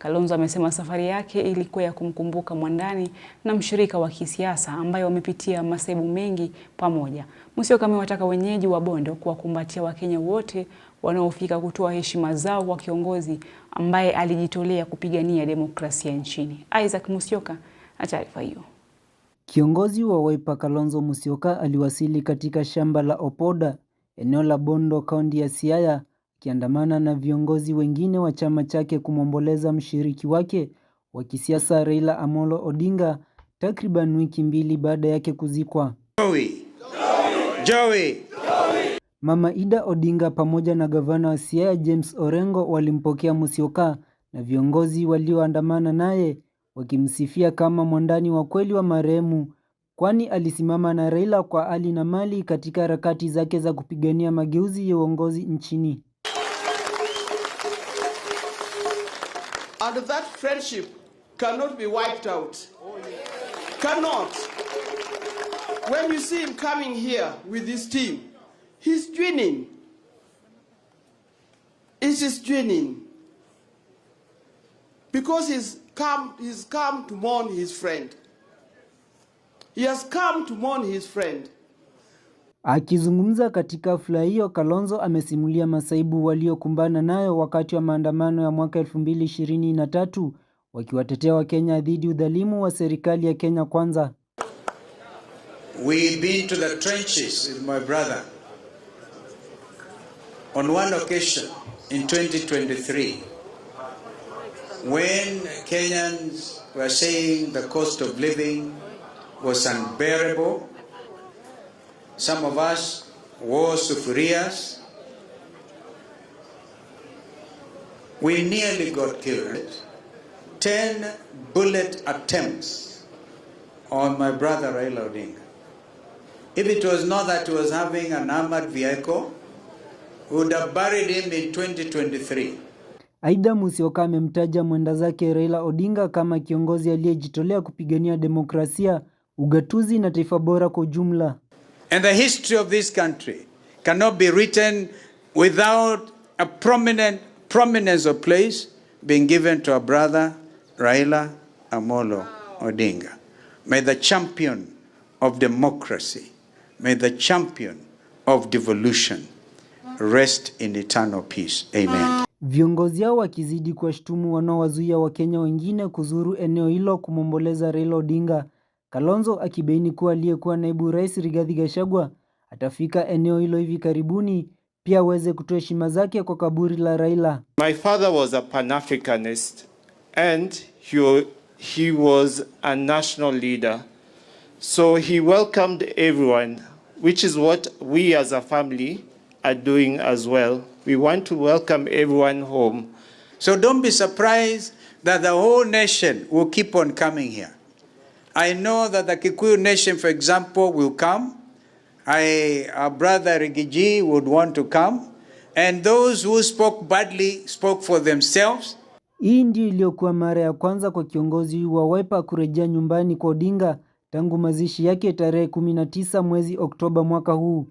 Kalonzo amesema safari yake ilikuwa ya kumkumbuka mwandani na mshirika wa kisiasa ambaye wamepitia masaibu mengi pamoja. Musyoka amewataka wenyeji wa Bondo kuwakumbatia Wakenya wote wanaofika kutoa heshima zao kwa kiongozi ambaye alijitolea kupigania demokrasia nchini. Isaac Musyoka na taarifa hiyo. Kiongozi wa Wiper Kalonzo Musyoka aliwasili katika shamba la Opoda, eneo la Bondo, kaunti ya Siaya akiandamana na viongozi wengine wa chama chake kumwomboleza mshiriki wake wa kisiasa Raila Amolo Odinga takriban wiki mbili baada yake kuzikwa. Joey. Joey. Mama Ida Odinga pamoja na gavana wa Siaya James Orengo walimpokea Musyoka na viongozi walioandamana naye wakimsifia kama mwandani wa kweli wa marehemu, kwani alisimama na Raila kwa hali na mali katika harakati zake za kupigania mageuzi ya uongozi nchini. And that friendship cannot be wiped out. Cannot. When you see him coming here with his team, he's twinning. It's just twinning. Because he's come, he's come to mourn his friend. He has come to mourn his friend. Akizungumza katika hafla hiyo, Kalonzo amesimulia masaibu waliokumbana nayo wakati wa maandamano ya mwaka 2023 wakiwatetea Wakenya dhidi udhalimu wa serikali ya Kenya Kwanza. We've been to the trenches with my brother. On one occasion in 2023, when Kenyans were saying the cost of living was unbearable, Some of us wore sufurias. We nearly got killed. Ten bullet attempts on my brother Ray Odinga. If it was not that he was having an armored vehicle, we would have buried him in 2023. Aidha, Musyoka amemtaja mwenda zake Raila Odinga kama kiongozi aliyejitolea kupigania demokrasia, ugatuzi na taifa bora kwa ujumla. And the history of this country cannot be written without a prominent prominence of place being given to our brother Raila Amolo Odinga. May the champion of democracy, may the champion of devolution rest in eternal peace. Amen. Viongozi hao wakizidi kuwashtumu wanaowazuia Wakenya wengine kuzuru eneo hilo kumwomboleza Raila Odinga. Kalonzo akibaini kuwa aliyekuwa naibu rais Rigathi Gachagua atafika eneo hilo hivi karibuni pia aweze kutoa heshima zake kwa kaburi la Raila. My father was a pan-Africanist and he, he was a national leader. So he welcomed everyone, which is what we as a family are doing as well. We want to welcome everyone home. So don't be surprised that the whole nation will keep on coming here. I know that the Kikuyu nation, for example, will come. I, our uh, brother Rigiji would want to come. And those who spoke badly spoke for themselves. Hii ndio iliyokuwa mara ya kwanza kwa kiongozi wa Waipa kurejea nyumbani kwa Odinga tangu mazishi yake tarehe 19 mwezi Oktoba mwaka huu.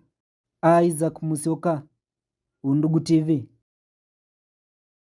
Isaac musoka Undugu TV.